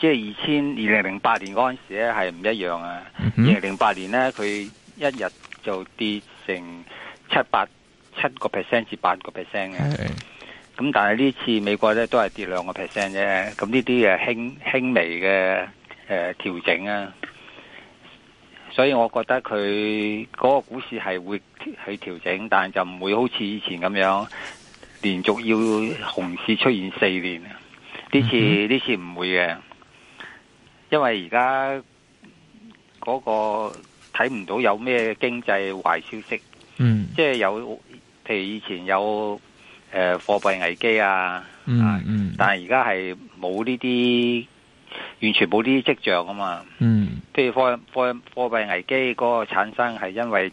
即係二千二零零八年嗰陣時咧，係唔一樣啊！二零零八年咧，佢一日就跌成七八七個 percent 至八個 percent 嘅。咁 Okay. 但係呢次美國咧都係跌兩個 percent 啫。咁呢啲誒，輕輕微嘅誒調整啊。所以我覺得佢嗰個股市係會去調整，但係就唔會好似以前咁樣連續要熊市出現四年。呢次呢、mm hmm. 次唔會嘅。因為而家嗰個睇唔到有咩經濟壞消息，嗯、即係有，譬如以前有誒貨幣危機啊，嗯嗯、但係而家係冇呢啲，完全冇呢啲跡象啊嘛。嗯、譬如貨貨貨幣危機嗰個產生係因為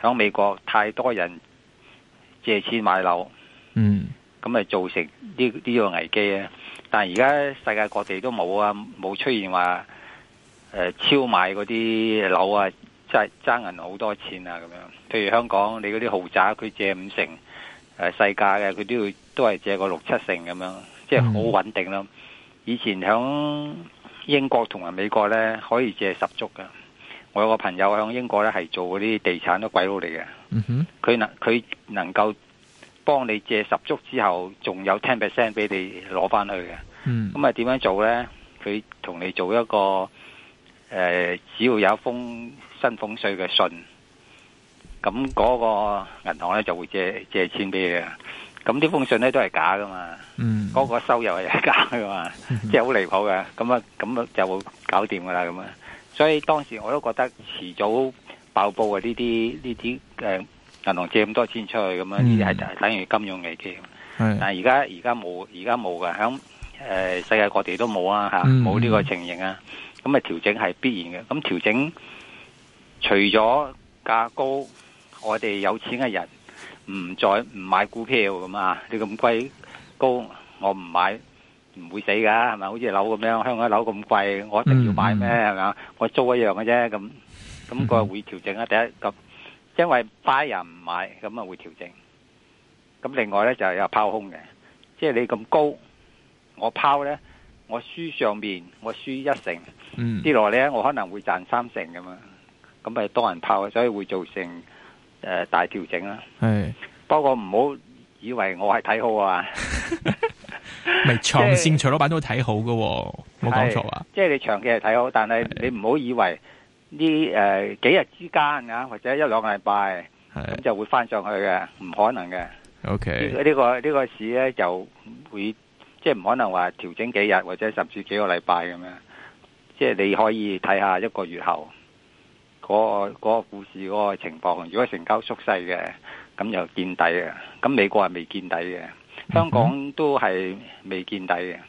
響美國太多人借錢買樓，咁、嗯、就造成呢、呢個危機啊。但而家世界各地都冇啊，冇出現話誒、呃、超買嗰啲樓啊，即係爭銀好多錢啊咁樣。譬如香港，你嗰啲豪宅佢借五成，誒細價嘅佢都要都係借個六七成咁樣，即係好穩定咯。以前響英國同埋美國咧，可以借十足㗎。我有個朋友響英國咧，係做嗰啲地產都鬼佬嚟嘅，佢能佢能夠，幫你借十足之後，仲有 ten percent 俾你攞翻去嘅。咁啊，點樣做咧？佢同你做一個誒，只要有一封薪俸稅嘅信，咁嗰個銀行咧就會借借錢俾你嘅。咁啲封信咧都係假噶嘛，嗰個收入係假噶嘛，即係好離譜嘅。咁啊，咁啊就會搞掂噶啦咁啊。所以當時我都覺得遲早爆煲啊呢啲呢啲誒。銀行借咁多錢出去咁樣，呢啲係就係等於金融危機。是但係而家而家冇而家冇噶，響誒、呃、世界各地都冇啊吓，冇呢、嗯、個情形啊。咁啊調整係必然嘅。咁調整，除咗價高，我哋有錢嘅人唔再唔買股票咁啊？你咁貴高，我唔買唔會死噶，係咪好似樓咁樣，香港嘅樓咁貴，我一定要買咩係咪？我租一樣嘅啫，咁咁佢會調整啊？嗯、第一因為 b 人唔買，咁啊會調整。咁另外咧就是，有拋空嘅，即係你咁高，我拋咧，我輸上面，我輸一成，啲落咧我可能會賺三成噶嘛。咁啊多人拋，所以會造成誒、呃、大調整啦。係是，不過唔好以為我係睇好啊。咪 長線徐、就是、老闆都睇好噶，冇講錯啊。即係、就是、你長期係睇好，但係你唔好以為。呢、呃、幾日之間啊，或者一兩個禮拜，咁是就會翻上去嘅，唔可能嘅。O K，呢個呢、這個這個市咧就會即係唔可能話調整幾日，或者甚至幾個禮拜咁樣。即係你可以睇下一個月後嗰嗰、那個股市嗰個情況。如果成交縮細嘅，咁就見底嘅。咁美國係未見底嘅，香港都係未見底嘅。Mm hmm.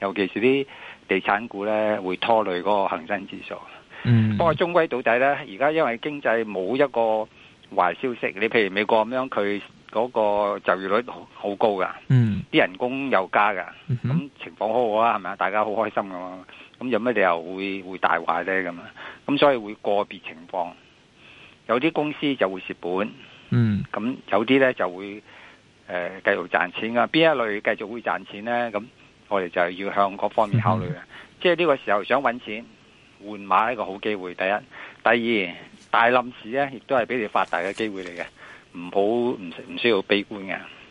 尤其是啲地產股咧，會拖累嗰個恆生指數。嗯，不過終歸到底呢，而家因為經濟冇一個壞消息，你譬如美國咁樣，佢嗰個就業率好高噶，嗯，啲人工又加噶，咁情況好好啊，係咪啊？大家好開心噶嘛，咁有咩理由會會大壞呢？咁啊？咁所以會個別情況，有啲公司就會蝕本，嗯，咁有啲呢就會誒繼、呃、續賺錢噶。邊一類繼續會賺錢呢？咁我哋就要向各方面考慮嘅，嗯、即係呢個時候想搵錢。換馬一個好機會，第一，第二，大冧市咧，亦都係俾你發達嘅機會嚟嘅，唔好唔唔需要悲觀嘅。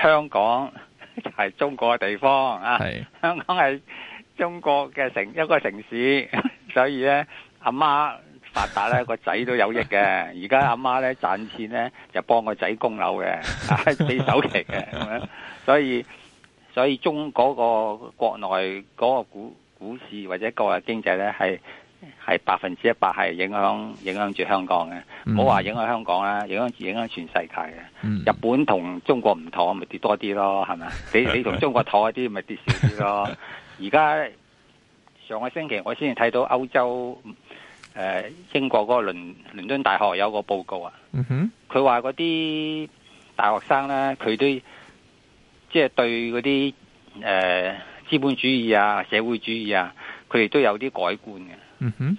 香港係中國嘅地方啊，是香港係中國嘅城一個城市，所以咧阿媽發達咧個仔都有益嘅，而家阿媽咧賺錢咧就幫個仔供樓嘅，俾、啊、首期嘅咁樣，所以所以中嗰個國內嗰個股股市或者國內經濟咧係，係百分之一百係影響影響住香港嘅，唔好話影響香港啦，影響影響全世界嘅。嗯、日本同中國唔妥咪跌多啲咯，係咪？ 你你同中國妥一啲咪跌少啲咯？而家 上個星期我先至睇到歐洲，誒、呃，英國嗰個倫倫敦大學有一個報告啊，嗯、哼，佢話嗰啲大學生呢，佢都即係、就是、對嗰啲誒資本主義啊、社會主義啊，佢哋都有啲改觀嘅。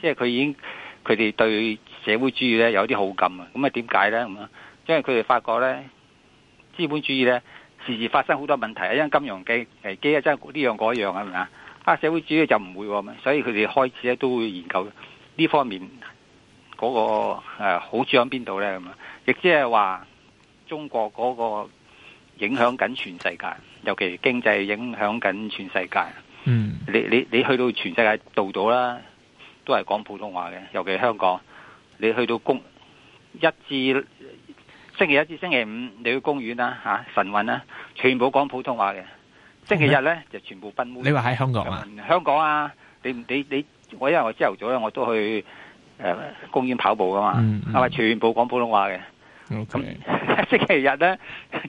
即係佢已經，佢哋、嗯、對社會主義咧有啲好感啊。咁啊，點解呢？咁啊，因為佢哋發覺呢，資本主義呢時時發生好多問題啊，因為金融機危機真係呢樣嗰樣啊，係咪啊？啊，社會主義就唔會，所以佢哋開始咧都會研究呢方面嗰個誒好處喺邊度呢？咁啊，亦即係話中國嗰個影響緊全世界，尤其是經濟影響緊全世界。嗯、你你，你去到全世界到咗啦。都係講普通話嘅，尤其係香港。你去到公，一至星期一至星期五，你去公園啦吓，晨運啦，全部講普通話嘅。星期日咧 Okay. 就全部崩潰。你話喺香港啊？香港啊，你你你，我因為我朝頭早咧我都去誒、呃、公園跑步噶嘛，係咪、mm hmm. 全部講普通話嘅？咁 Okay. 星期日咧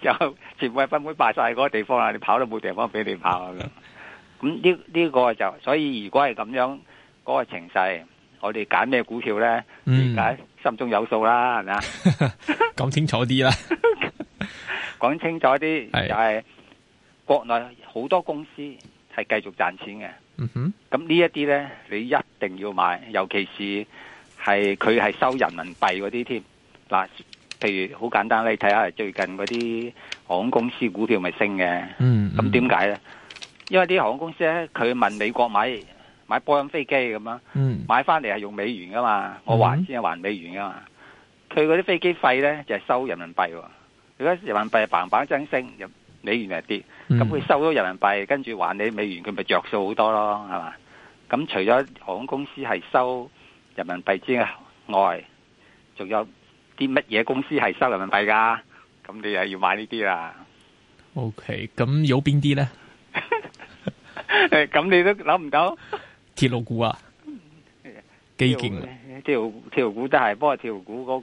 就全部係崩潰擺晒嗰個地方啦，你跑都冇地方俾你跑啊！咁呢呢個就所以，如果係咁樣。嗰個情勢，我哋揀咩股票呢？點解心中有數啦？係咪啊？講清楚啲啦，講清楚啲就係國內好多公司係繼續賺錢嘅。嗯哼，咁呢一啲呢，你一定要買，尤其是係佢係收人民幣嗰啲添。嗱，譬如好簡單，你睇下最近嗰啲航空公司股票咪升嘅。嗯，咁點解呢？因為啲航空公司呢，佢問美國買。買波音飛機咁樣，買翻嚟係用美元噶嘛，嗯、我還先係還美元噶嘛。佢嗰啲飛機費咧就係收人民幣，如果人民幣棒棒增升，又美元又跌，咁佢、嗯、收咗人民幣跟住還你美元，佢咪着數好多咯，係嘛？咁除咗航空公司係收人民幣之外，仲有啲乜嘢公司係收人民幣噶？咁你又要買呢啲啦。O K，咁有邊啲咧？誒，咁你都諗唔到？鐵路股啊，基建啊，條條股都係，不過條股嗰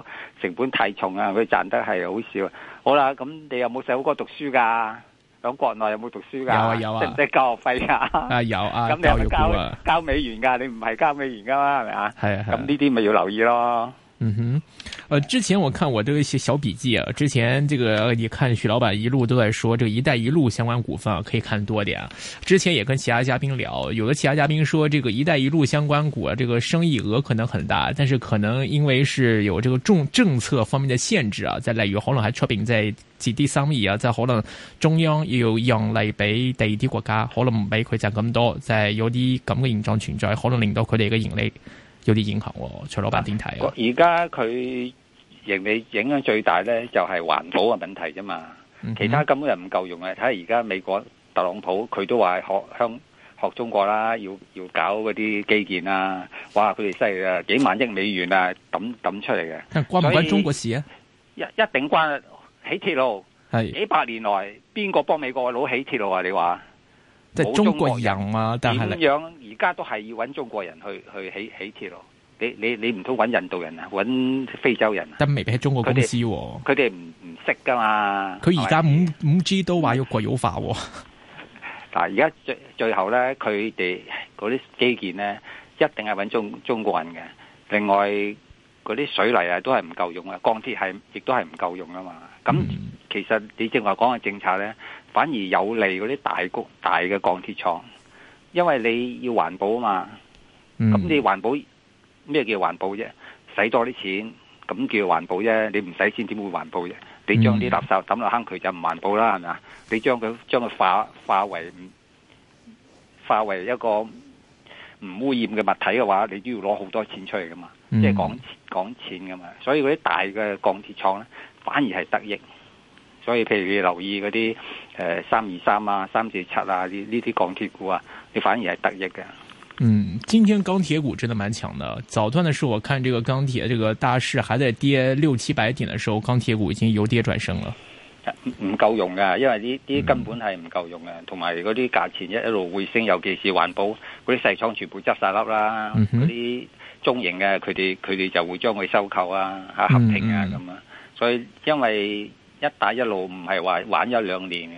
個成本太重啊，佢賺得係好少。好啦，咁你有冇細佬哥讀書噶？響國內有冇讀書噶？啊？有啊，啊，啊有啊，即係交學費啊？啊有啊，咁你係咪交交美元噶？你唔係交美元噶嘛？係咪啊？係啊，咁呢啲咪要留意咯。嗯哼。呃、之前我看我的小筆記啊，之前這個、呃、你看徐老闆一路都在說，這個一帶一路相關股份啊，可以看多點啊。之前也跟其他嘉賓聊，有的其他嘉賓說，這個一帶一路相關股啊，這個生意額可能很大，但是可能因為是有這個重政策方面的限制啊，即係例如可能喺出邊即係接啲生意啊，即係可能中央要讓嚟俾第一啲國家，可能唔俾佢賺咁多，即係有啲咁嘅現狀存在，可能令到佢哋嘅盈利有啲影響，啊。我徐老闆點睇而家佢。仍未影響最大咧，就係環保嘅問題啫嘛。其他根本就唔夠用嘅。睇下而家美國特朗普佢都話學向學中國啦，要要搞嗰啲基建啦。哇！佢哋犀利啊，幾萬億美元啊，抌抌出嚟嘅。關唔關中國事啊？一一定關起鐵路。係幾百年來邊個幫美國佬起鐵路啊？你話即係中國人啊？但係點樣而家都係要揾中國人去去起起鐵路？你你你唔通揾印度人啊，揾非洲人，真未必係中國公司。佢哋佢哋唔唔識噶嘛。佢而家五五 G 都話要國際化。嗱，而家最最後咧，佢哋嗰啲基建咧，一定係揾中中國人嘅。另外嗰啲水泥啊，都係唔夠用啊，鋼鐵係亦都係唔夠用啊嘛。咁其實你正話講嘅政策咧，反而有利嗰啲大谷大嘅鋼鐵廠，因為你要環保啊嘛。咁你環保。咩叫環保啫？使多啲錢咁叫環保啫？你唔使錢點會環保啫？你將啲垃圾抌落坑渠就唔環保啦，係咪、嗯？你將佢將佢化化為化為一個唔污染嘅物體嘅話，你都要攞好多錢出嚟噶嘛，嗯、即係講講錢噶嘛。所以嗰啲大嘅鋼鐵廠咧，反而係得益。所以譬如你留意嗰啲誒三二三啊、三四七啊呢呢啲鋼鐵股啊，你反而係得益嘅。嗯，今天鋼鐵股真的蠻強的。早段的是我看這個鋼鐵這個大市還在跌六七百點的時候，鋼鐵股已經由跌轉升了。唔夠用㗎，因為呢啲根本係唔夠用㗎，同埋嗰啲價錢一一路會升，尤其是環保嗰啲細倉全部執晒笠啦，嗰啲、嗯、哼中型嘅佢哋佢哋就會將佢收購啊，吓合併啊咁啊。嗯嗯所以因為一帶一路唔係話玩咗一兩年嘅。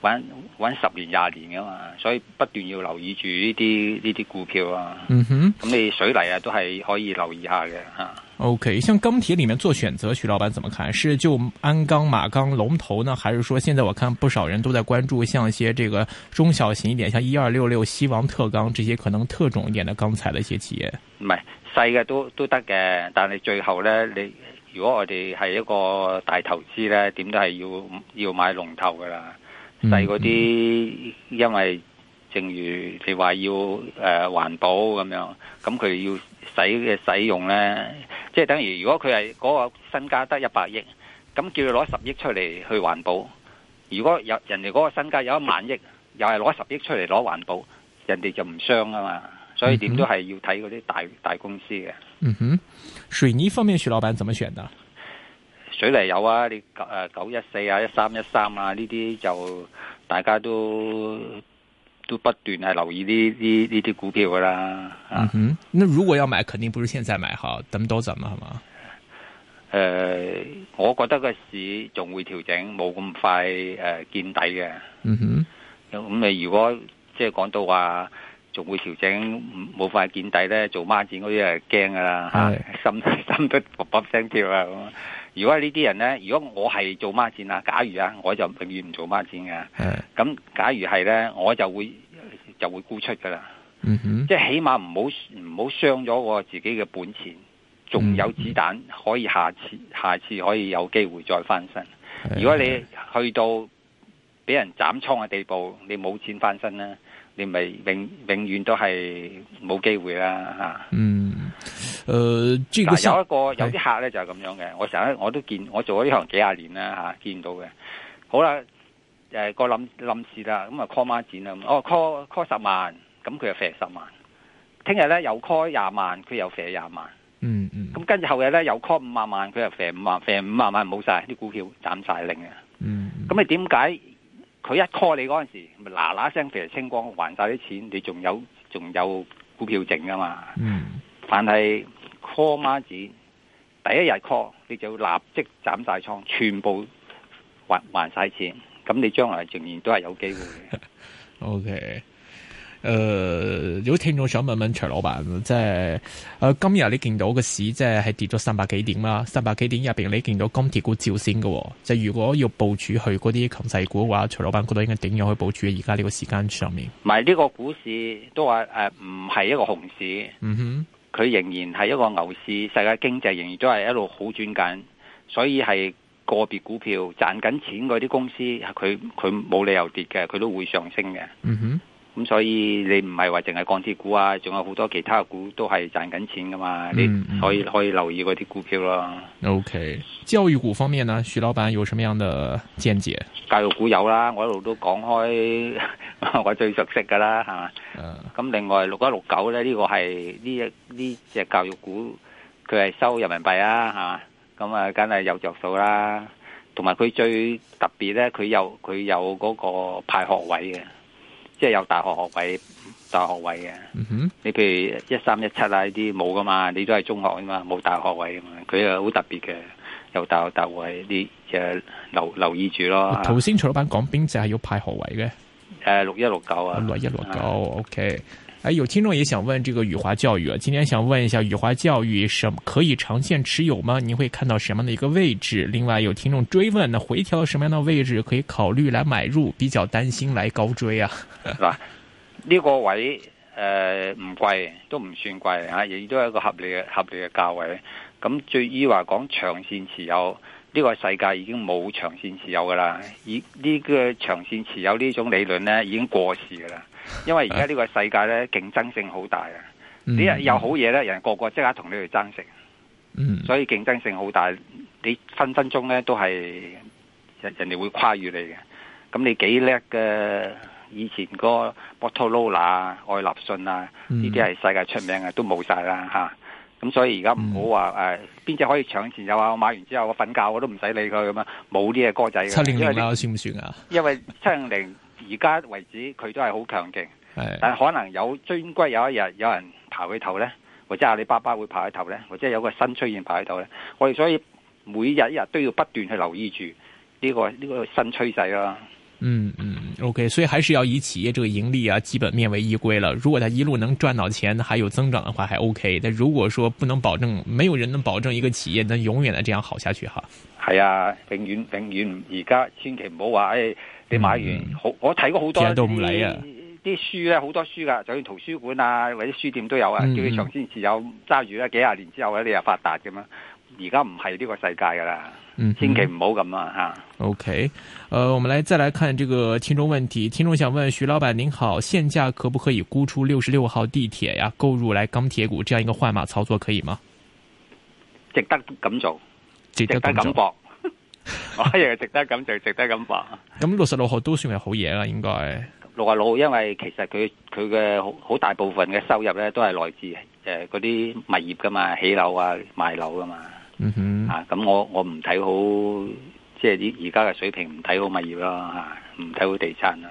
玩玩十年廿年噶嘛，所以不斷要留意住呢啲呢啲股票啊。咁、嗯、哼你水泥啊都係可以留意下嘅。啊、o、okay, K，像鋼鐵裏面做選擇，徐老闆怎麼看？是就鞍鋼、馬鋼龍頭呢，還是說現在我看不少人都在關注像一些這個中小型一點，像一二六六、西王特鋼這些可能特種一點的鋼材的一些企業？唔係細嘅都都得嘅，但係最後呢，你如果我哋係一個大投資呢，點都係要要買龍頭噶啦。細嗰啲，嗯嗯、因為正如你話要誒環保咁樣，咁佢要使嘅使用咧，即係等於如果佢係嗰個身家得一百億，咁叫佢攞十億出嚟去環保；如果有人哋嗰個身家有一萬億，又係攞十億出嚟攞環保，人哋就唔傷啊嘛。所以點都係要睇嗰啲大大公司嘅。嗯哼，水泥方面，徐老闆怎麼選的？水嚟有啊，你九誒九一四啊，一三一三啊，呢啲就大家都都不斷係留意呢呢呢啲股票噶啦。嗯哼，那如果要買，肯定不是現在買哈，等多陣啊，係嘛？誒、呃，我覺得個市仲會調整，冇咁快誒、呃、見底嘅。嗯哼，咁你如果即係講到話仲會調整，冇快見底咧，做孖展嗰啲係驚噶啦，吓、啊對，心心都卜卜聲跳啊。如果呢啲人呢，如果我係做孖展啊，假如啊，我就永遠唔做孖展嘅。咁是的 假如係呢，我就會就會沽出噶啦。嗯、哼 即係起碼唔好唔好傷咗我自己嘅本錢，仲有子彈，嗯、哼 可以下次下次可以有機會再翻身。是的 如果你去到俾人斬倉嘅地步，你冇錢翻身呢，你咪永永遠都係冇機會啦嚇。啊嗯誒，有一個有啲客咧就係咁樣嘅，我成日我都見我做咗呢行幾廿年啦吓，見到嘅。好啦，誒個諗諗事啦，咁啊 call 孖展啦，我 call call 十萬，咁佢又蝕十萬。聽日咧又 call 廿萬，佢又蝕廿萬。嗯嗯。咁跟住後日咧又 call 五萬萬，佢又蝕五萬，蝕五萬萬冇晒啲股票，斬晒零嘅。嗯。咁你點解佢一 call 你嗰陣時，咪嗱嗱聲蝕清光，還晒啲錢，你仲有仲有股票剩噶嘛？嗯。但係 call 孖子第一日 call，你就要立即斬晒倉，全部還晒曬錢。咁你將來仍然都係有機會。O K，誒，如果聽到想問問徐老闆，即係、呃、今日你見到個市即係跌咗三百幾點啦，三百幾點入面你見到金鐵股照先嘅喎。就如果要部署去嗰啲強勢股嘅話，徐老闆覺得應該點樣去部署喺而家呢個時間上面？唔係呢個股市都話唔係一個熊市。嗯哼。佢仍然係一個牛市，世界經濟仍然都係一路好轉緊，所以係個別股票賺緊錢嗰啲公司，佢佢冇理由跌嘅，佢都會上升嘅。嗯哼。咁、嗯、所以你唔係話淨係鋼鐵股啊，仲有好多其他股都係賺緊錢噶嘛，嗯、你可以可以留意嗰啲股票咯。OK，教育股方面呢，徐老闆有什麼樣的見解？教育股有啦，我一路都講開， 我最熟悉噶啦，係嘛，uh, 啊。咁另外六一六九咧，呢，這個係呢一呢隻教育股，佢係收人民幣啊，係嘛。咁啊，梗、啊、係有着數啦。同埋佢最特別咧，佢有佢有嗰個派學位嘅。即係有大學學位，大學位嘅。嗯、哼你譬如一三一七啊呢啲冇噶嘛，你都係中學啊嘛，冇大學位啊嘛。佢又好特別嘅，有大學大學位啲，誒留留意住咯。頭先徐老闆講邊隻係要派學位嘅？誒六一六九啊，六一六九，OK。誒、哎，有聽眾也想問這個宇華教育啊，今天想問一下宇華教育，什麼可以長線持有嗎？你會看到什麼樣的一個位置？另外有聽眾追問，呢回調什麼樣的位置可以考慮來買入？比較擔心來高追啊？是吧呢個位誒唔、呃、貴，都唔算貴吓，亦都係一個合理嘅、合理嘅價位。咁最以話講長線持有，呢、這個世界已經冇長線持有噶啦，以呢個長線持有呢種理論呢已經過時噶啦。因為而家呢個世界咧競爭性好大啊！嗯、你有好嘢咧，人個個即刻同你去爭食，嗯、所以競爭性好大。你分分鐘咧都係人人哋會跨越你嘅。咁你幾叻嘅？以前個摩托羅拉、愛立信啊，呢啲係世界出名嘅都冇晒啦吓。咁、啊、所以而家唔好話誒，邊隻、嗯、可以搶錢就話我買完之後我瞓覺我都唔使理佢咁啊，冇啲嘅歌仔。七零年算唔算啊？因為七零,零。而家為止，佢都係好強勁，但可能有尊歸有一日有人爬佢頭咧，或者阿里巴巴會爬起頭咧，或者有個新趨勢爬喺度咧。我哋所以每日一日都要不斷去留意住呢個呢個新趨勢啦。嗯嗯，OK，所以還是要以企業這個盈利啊基本面為依歸啦。如果佢一路能賺到錢，還有增長的話，還 OK。但如果說不能保證，沒有人能保證一個企業能永遠咁樣好下去哈，啊。係啊，永遠永遠而家千祈唔好話誒。哎你買完好，我睇過好多人都唔理啊啲書咧，好多書噶，就算圖書館啊或者書店都有啊。嗯、叫你長堅持有揸住咧，幾廿年之後咧，你又發達㗎嘛！而家唔係呢個世界噶啦，嗯，千祈唔好咁啊吓。OK，呃我們來再來看這個聽眾問題。聽眾想問徐老闆您好，現價可不可以沽出六十六號地鐵呀，啊？購入來鋼鐵股，這樣一個換馬操作可以嗎？值得咁做，值得咁搏。 我亦係值得咁，就值得咁話。咁六十六號都算係好嘢啦，應該六啊六號，因為其實佢佢嘅好好大部分嘅收入咧，都係來自誒嗰啲物業噶嘛，起樓啊，賣樓噶嘛。嗯哼，啊，咁我我唔睇好，即係而而家嘅水平，唔睇好物業咯，吓，唔睇好地產啊。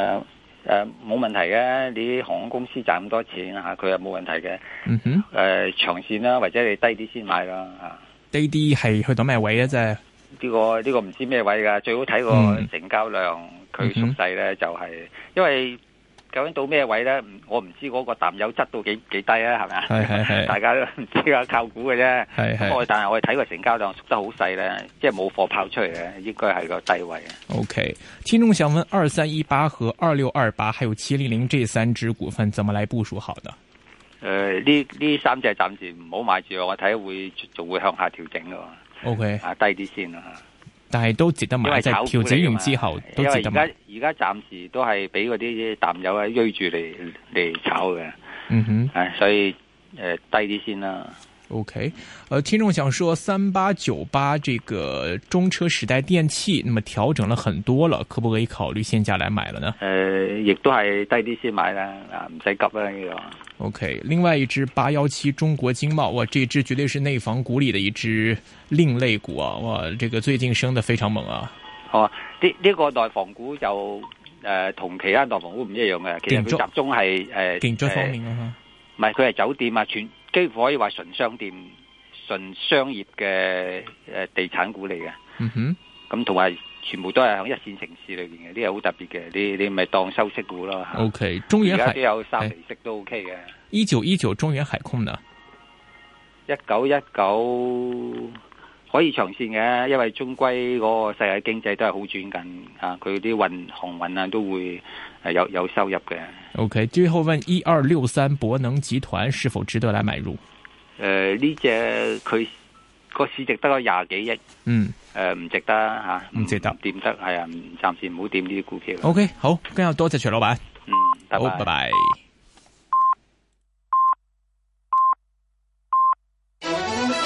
誒誒，冇、呃、問題嘅，你航空公司賺咁多錢吓，佢又冇問題嘅。嗯哼，誒、呃、長線啦，或者你低啲先買啦吓。啊、低啲係去到咩位啊？啫、這個，呢、這個呢個唔知咩位噶，最好睇個成交量佢縮、嗯、細咧，嗯、哼就係、是、因為。究竟到咩位咧？我唔知嗰個淡友質到幾幾低啊？係咪啊？係係係，大家都唔知啊，靠估嘅啫。係係，我但係我睇個成交量縮得好細咧，即係冇貨拋出嚟嘅，應該係個低位。OK，聽眾想問：二三一八和二六二八還有七零零這三隻股份，怎麼來部署好呢？誒、呃，呢呢三隻暫時唔好買住，我睇會仲會向下調整噶。OK，啊，低啲先啊。但係都值得買，即係調整完之後都值得買。而家而家暫時都係俾嗰啲啲淡友啊追住嚟嚟炒嘅，嗯哼，所以、呃、低啲先啦。O、okay, K，呃，聽眾想說三八九八這個中車時代電氣，那麼調整了很多了，可不可以考慮現價來買了呢？誒、呃，亦都係低啲先買啦，啊，唔使急啦呢、這個。O、okay, K，另外一支八幺七中國金茂哇，這支絕對是內房股裡的一支另類股啊，哇，這個最近升得非常猛啊。哦、啊，呢呢、這個內房股就誒、呃、同其他內房股唔一樣嘅，其實佢集中係誒建築方面啊，唔係佢係酒店啊全。幾乎可以話純商店、純商業嘅誒地產股嚟嘅，咁同埋全部都係響一線城市裡面嘅，啲嘢好特別嘅，你咪當收息股咯。Okay，中原海而家都有三厘息都 O K 嘅。一九一九中原海控呢？一九一九。可以長線嘅，因為終歸嗰個世界經濟都係好轉緊啊，佢啲運航運啊都會係有有收入嘅。OK，最後問一二六三博能集團是否值得來買入？誒、呃，呢隻佢個市值得個廿幾億，嗯，誒唔、呃、值得吓，唔、啊、值得點得係啊，暫時唔好掂呢啲股票。OK，好，今日多謝徐老闆，嗯，好，拜拜。